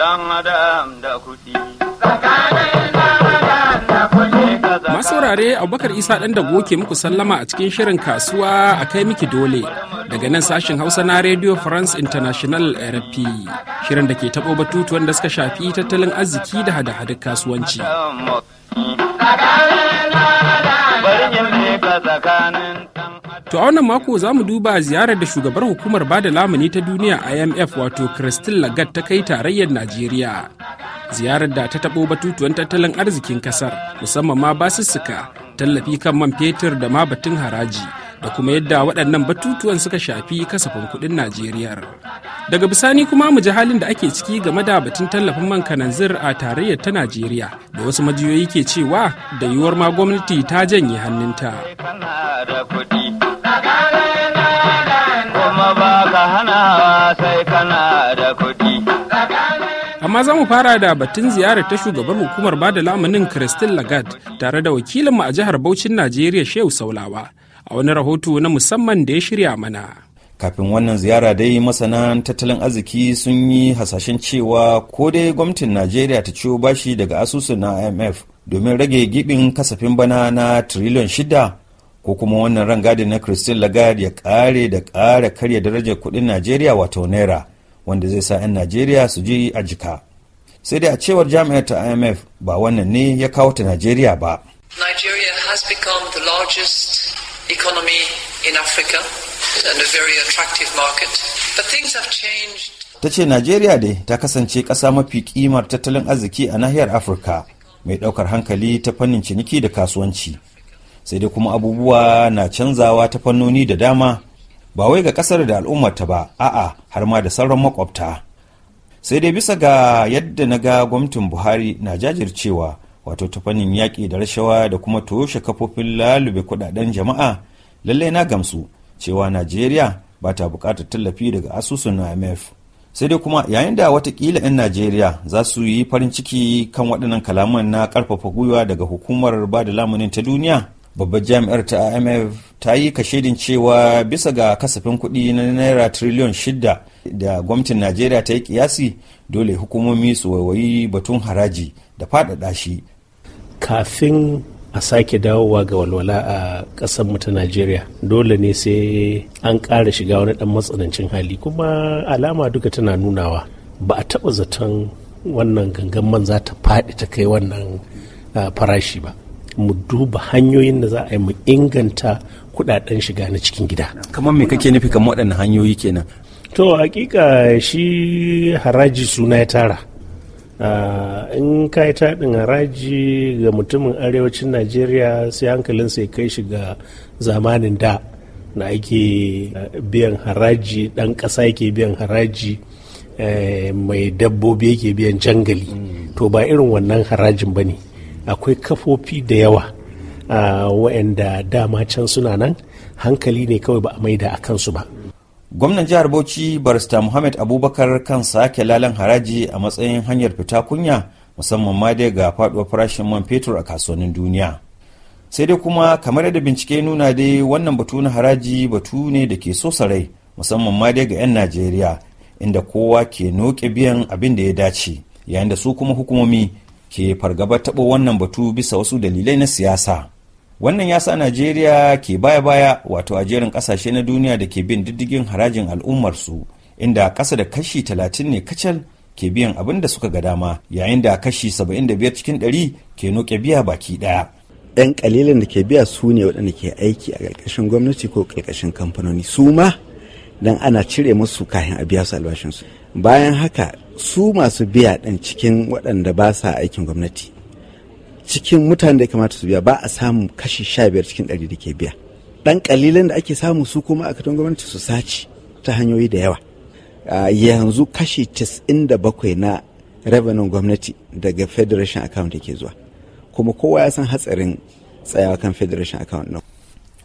Dan Adam da kuɗi. Masaurare Abubakar Isa ɗan da ke muku sallama a cikin shirin kasuwa a kai miki dole daga nan sashen Hausa na Radio France International RP shirin da ke taɓo batutuwan da suka shafi tattalin arziki da hada-hadar kasuwanci. Bari To a wannan mako za mu duba ziyarar da shugabar hukumar bada lamuni ta duniya IMF wato Christine Lagarde ta kai tarayyar Najeriya. Ziyarar da ta taɓo batutuwan tattalin arzikin kasar musamman ma basussuka, tallafi kan man fetur da ma batun haraji da kuma yadda waɗannan batutuwan suka shafi kasafin kuɗin Najeriya. Daga bisani kuma mu ji halin da ake ciki game da batun tallafin man kananzir a tarayyar ta Najeriya da wasu majiyoyi ke cewa da yiwuwar ma gwamnati ta janye hannunta. amma za mu fara da batun ziyarar ta shugaban hukumar bada lamunin christine lagarde tare da wakilinmu a jihar Bauchin Najeriya Shehu Saulawa a wani rahoto na musamman da ya shirya mana. Kafin wannan ziyara dai masana tattalin arziki sun yi hasashen cewa ko dai gwamnatin Najeriya ta ciwo bashi daga asusun na IMF domin rage gibin kasafin bana na triliyon shida ko kuma wannan rangadin na Christine Lagarde ya kare da kare karya darajar kudin Najeriya wato naira. wanda zai sa 'yan najeriya su je a jika sai dai a cewar jami'ar ta imf ba wannan ne ya kawo ta najeriya ba nigeria has become the largest economy in africa and a market but things have changed ta ce najeriya dai ta kasance ƙasa mafi kimar tattalin arziki a nahiyar afirka mai ɗaukar hankali ta fannin ciniki da kasuwanci sai dai kuma abubuwa na canzawa ta fannoni da dama ba wai ga kasar da al'ummarta ba a'a har ma da sauran makwabta sai dai bisa ga yadda na ga gwamnatin buhari na jajircewa wato ta fannin yaƙi da rashawa da kuma toshe kafofin lalube kudaden jama'a lallai na gamsu cewa najeriya ba ta buƙatar tallafi daga asusun imf sai dai kuma yayin da watakila 'yan najeriya za su yi farin ciki kan waɗannan kalaman na ƙarfafa gwiwa daga hukumar ba da lamunin ta duniya babbar jami'ar ta imf ta yi kashedin cewa bisa ga kasafin kuɗi na naira triliyon shida da gwamnatin najeriya ta yi kiyasi dole hukumomi su waiwayi batun haraji da faɗaɗa shi kafin a sake dawowa ga walwala a ƙasar ta najeriya dole ne sai an ƙara shiga wani ɗan matsanancin hali kuma alama duka tana nunawa ba a taɓa zaton wannan gangan man za ta faɗi ta kai wannan ah, farashi ba mu duba hanyoyin da za a yi mu inganta kudaden shiga na cikin gida kamar me kake nufi kamar waɗannan hanyoyi kenan to hakika shi haraji suna ya tara ah, in ka yi taɗin haraji ga mutumin arewacin najeriya sai hankalinsa ya kai shi ga zamanin da na ake eh, biyan haraji ɗan ƙasa yake biyan haraji eh, mai dabbobi yake biyan jangali mm. to ba irin wannan harajin ba ne akwai kafofi da yawa waɗanda dama can suna nan hankali ne kawai ba a maida a kansu ba gwamnan jihar bauchi barista muhammad abubakar kan sake lalan haraji a matsayin hanyar fita kunya musamman ma dai ga faduwar farashin man fetur a kasuwannin duniya sai dai kuma kamar yadda bincike nuna dai wannan batu na haraji batu ne da ke so sarai musamman ma dai ga 'yan najeriya inda kowa ke noke biyan abin da ya dace yayin da su kuma hukumomi ke fargabar taɓo wannan batu bisa wasu dalilai na siyasa wannan yasa najeriya ke baya-baya wato a jerin ƙasashe na duniya da ke bin diddigin harajin al'ummarsu inda ƙasa da kashi talatin ne kacal ke biyan abin da suka ga dama yayin da kashi saba'in da biyar cikin ɗari ke noke biya baki ɗaya 'yan kalilan da ke biya su ne waɗanda ke aiki a ƙarƙashin gwamnati ko ƙarƙashin kamfanoni su ma don ana cire musu kayan a biya su albashinsu bayan haka su masu biya ɗin cikin waɗanda ba sa aikin gwamnati cikin mutanen da ya kamata su biya ba a samun kashi sha biyar cikin ɗari da ke biya ɗan ƙalilan da ake samu su kuma a katon gwamnati su sace ta hanyoyi da yawa yanzu kashi casa'in da bakwai na revenue gwamnati daga federation account yake zuwa kuma kowa ya san hatsarin tsayawa kan federation account na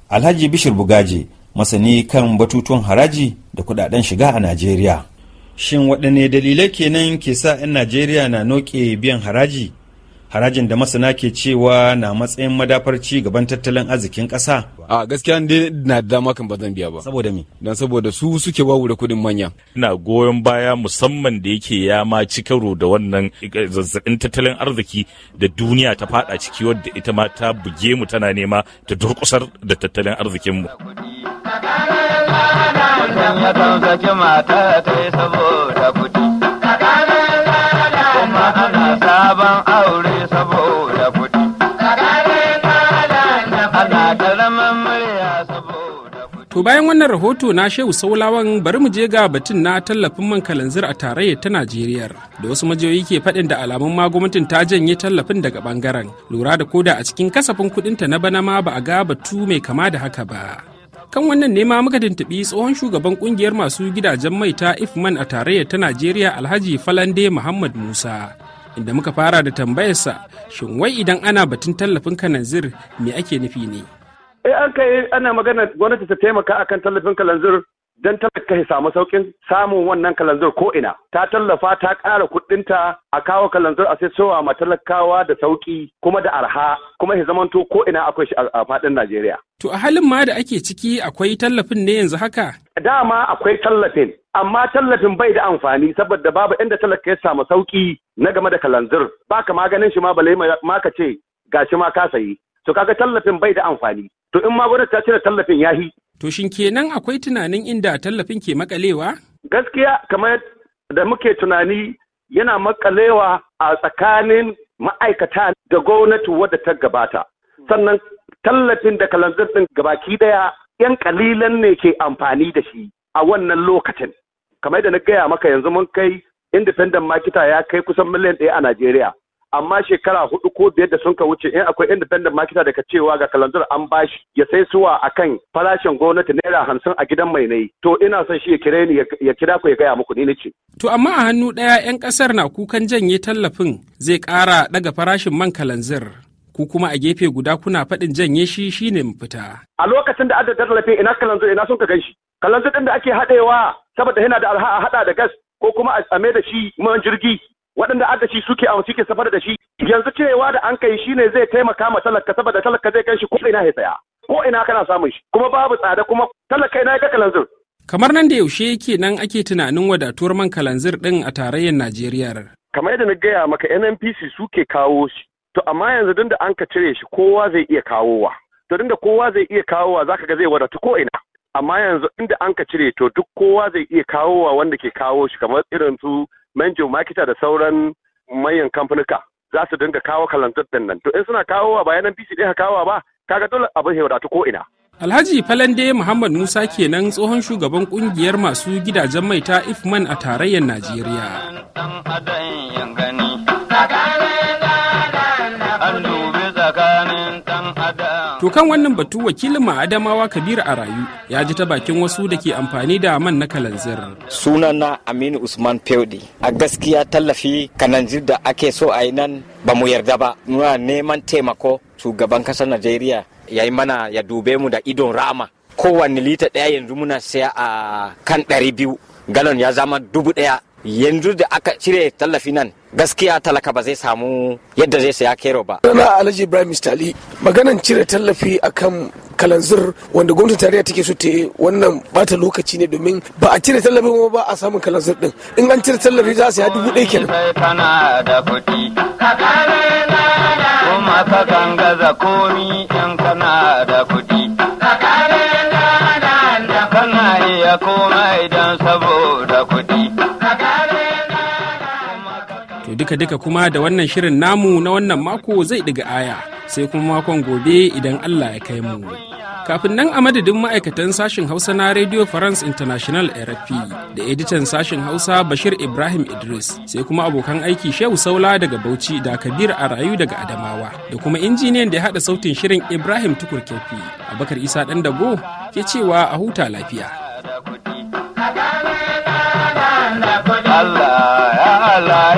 alhaji bishir bugaji masani kan batutuwan haraji da kudaden shiga a najeriya shin waɗanne dalilai kenan ke sa 'yan najeriya na noke biyan haraji harajin da masana ke cewa na matsayin madafar ci gaban tattalin arzikin ƙasa. A gaskiya ne na da dama kan ba zan biya ba. Saboda me? Dan saboda su suke babu da kuɗin manya. Ina goyon baya musamman da yake ya ma ci karo da wannan zazzabin tattalin arziki da duniya ta fada ciki wadda ita ma ta buge mu tana nema ta durƙusar da tattalin arzikin mu. Idan saki mata ta yi saboda kuɗi. Kuma ana sabon aure saboda kuɗi. Ana karamin murya saboda kuɗi. To bayan wannan rahoto na Shehu Saulawan bari mu je ga batun na tallafin man kalanzir a tarayyar ta Najeriya. Da wasu majiyoyi ke faɗin da alamun ma gwamnatin ta janye tallafin daga bangaren Lura da koda a cikin kasafin kuɗinta na bana ma ba a ga batu mai kama da haka ba. kan wannan nema muka tuntuɓi tsohon shugaban kungiyar masu gidajen mai ta ifman a tarayyar ta najeriya alhaji falande muhammad musa inda muka fara da tambayarsa shin wai idan ana batun tallafin kananzir me ake nufi ne eh an kai ana magana gwamnati ta taimaka akan tallafin kananzir. don talaka ya samu saukin samun wannan kalanzir ko ina ta tallafa ta ƙara kuɗinta a kawo kalanzir a sai sowa ma talakawa da sauki kuma da arha kuma ya zamanto ko ina akwai shi a faɗin Najeriya. To a halin ma da ake ciki akwai tallafin ne yanzu haka? Dama akwai tallafin amma tallafin bai da amfani saboda babu inda talaka ya samu sauki na game da kalanzir ba ka maganin shi ma balai ma ka ce gashi ma ka sayi to kaga tallafin bai da amfani to in ma gwamnati ta cire tallafin yahi To shin kenan akwai tunanin inda tallafin ke makalewa? Gaskiya kamar da muke tunani yana makalewa a tsakanin ma'aikata da gwamnati wadda ta gabata. Sannan tallafin da kalanzir ɗin gabaki ɗaya ‘yan kalilan ne ke amfani da shi a wannan lokacin. Kamar da na gaya maka yanzu mun kai independent marketer ya kai kusan miliyan ɗaya a Najeriya. amma shekara hudu ko biyar da sun ka wuce in akwai independent marketer daga cewa ga kalandar an bashi ya sai suwa akan farashin gwamnati naira hamsin a gidan mai nayi to ina son shi ya kire ni ya kira ku ya gaya muku ni ce. to amma a hannu ɗaya 'yan kasar na kukan janye tallafin zai kara daga farashin man kalanzir. ku kuma a gefe guda kuna faɗin janye shi shine mafita. A lokacin da adadin tallafin ina kalanzo ina son ka gan shi. Kalanzo ɗin da ake haɗewa saboda yana da arha a haɗa da gas ko kuma a tsame da shi man jirgi waɗanda aka shi suke a suke safar da shi yanzu cirewa da an kai shine zai taimaka ma talaka saboda talaka zai kai shi ko ina ya tsaya ko ina kana samun shi kuma babu tsada kuma talaka ina ya ga kalanzir kamar nan da yaushe yake nan ake tunanin wadatuwar man kalanzir din a tarayyar Najeriya kamar yadda na gaya maka NNPC suke kawo shi to amma yanzu din da an ka cire shi kowa zai iya kawowa to din da kowa zai iya kawowa zaka ga zai wadatu ko ina amma yanzu inda an ka cire to duk kowa zai iya kawowa wanda ke kawo shi kamar irin su menjo Makita da sauran manyan kamfanuka za su dinga kawo kalantar nan to in suna kawo wa bayanan pc ɗin kawo ba kaga dole abin ya wadatu ko ina Alhaji Falande Muhammad Musa kenan tsohon shugaban kungiyar masu gidajen mai ta Ifman a tarayyar Najeriya. kan wannan batu wakilin ma'adamawa Adamawa Kabiru a rayu ya ji ta bakin wasu da ke amfani da man na kalanzir. Sunana Aminu Usman Feudi a gaskiya tallafi kananzir da ake so a yi nan ba mu yarda ba muna neman taimako shugaban kasar Najeriya ya yi mana ya dube mu da idon rama kowanne lita daya yanzu muna siya a kan ɗari biyu galon ya zama dubu daya. yanzu da aka cire tallafi nan gaskiya talaka ba zai samu yadda zai saya kero ba. Sana Alhaji Ibrahim Mistali maganan cire tallafi akan kalanzir wanda gwamnatin tarayya take so ta yi wannan bata lokaci ne domin ba a cire tallafi kuma ba a samun kalanzir din. In an cire tallafi za su ya dubu ɗaya kenan. Kana da kuɗi, kuma ka gaza komi duka-duka kuma da wannan shirin namu na wannan mako zai ɗiga aya sai kuma makon gobe idan Allah ya kai mu. Kafin nan a madadin ma'aikatan sashen Hausa na Radio France International RFP da editan sashen Hausa Bashir Ibrahim Idris sai kuma abokan aiki Shehu Saula daga Bauchi da Kabir rayu daga Adamawa da kuma injiniyan da ya haɗa sautin shirin Ibrahim Tukur Kefi. Abakar Isa ɗan dabo, ke cewa a huta lafiya. Allah Allah